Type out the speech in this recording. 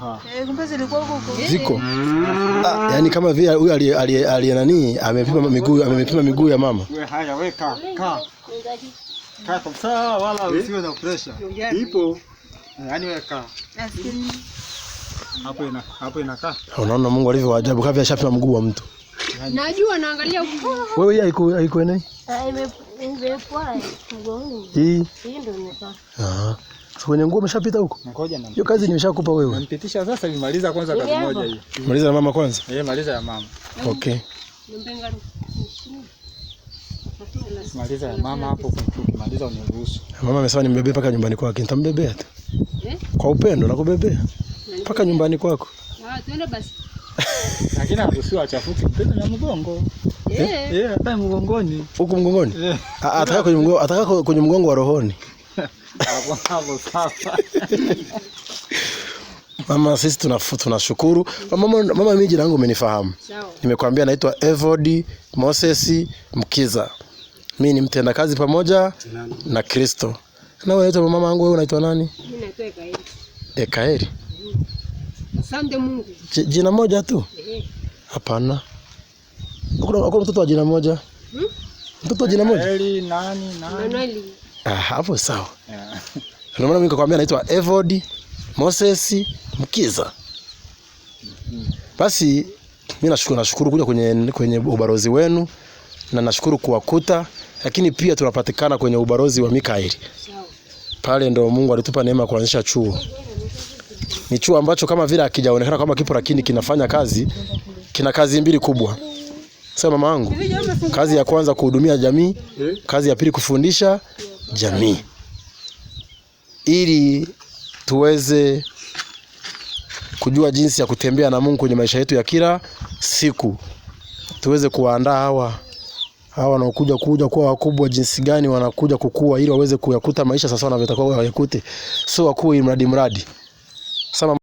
Eh, ziko ah, yani kama vile huyu aliye nani amepima miguu amepima miguu ya mama. haya weka kabisa, wala eh? usiwe na pressure, ipo eh, yani weka hapo ina hapo inakaa. Unaona oh, Mungu alivyo ajabu, kavya shapima mguu wa mtu. Najua naangalia huko. Wewe haiko haiko nani, Imepwa mguu Hii. Hii ndio imekaa. Kwenye nguo umeshapita huko? Ngoja na. Hiyo kazi nimeshakupa wewe. Nimpitisha sasa nimaliza kwanza kazi moja hiyo. Maliza na mama kwanza? Eh, maliza ya mama. Okay. Maliza ya mama hapo kumaliza uniruhusu. Mama amesema nimbebee paka nyumbani kwake. Nitambebea tu. Eh? Kwa upendo na kubebea. Paka nyumbani kwako. Ah, twende basi. Lakini akusiwa chafuki mpendo na mgongo. Eh, eh, hata mgongoni. Huko mgongoni? Eh. Ah, ataka kwenye mgongo, ataka kwenye mgongo wa rohoni. Mama, sisi tunashukuru mama. Mama, mimi jina langu umenifahamu, nimekwambia naitwa Evod Moses Mkiza. Mimi ni mtendakazi pamoja na Kristo. Na wewe unaitwa mama yangu, wewe unaitwa nani? Mimi naitwa Ekaeli. Asante Mungu. Jina moja tu? Eh. Hapana. Hakuna mtoto wa jina moja? Hmm? Mtoto wa jina moja? nani nani? Manueli. Ah, hapo sawa. Ndio maana mimi nikakwambia naitwa Evod Moses Mkiza. Basi mimi nashukuru nashukuru kuja kwenye kwenye ubarozi wenu na nashukuru kuwakuta, lakini pia tunapatikana kwenye ubarozi wa Mikaeli. Pale ndo Mungu alitupa neema kuanzisha chuo. Ni chuo ambacho kama vile hakijaonekana kama kipo, lakini kinafanya kazi, kina kazi mbili kubwa. Sasa mama wangu, kazi ya kwanza kuhudumia jamii, eh? kazi ya pili kufundisha jamii ili tuweze kujua jinsi ya kutembea na Mungu kwenye maisha yetu ya kila siku, tuweze kuwaandaa hawa hawa wanaokuja kuja kuwa wakubwa, jinsi gani wanakuja kukua, ili waweze kuyakuta maisha sasa wanavyotakuwa wayakute, sio wakuu mradi mradi. Sama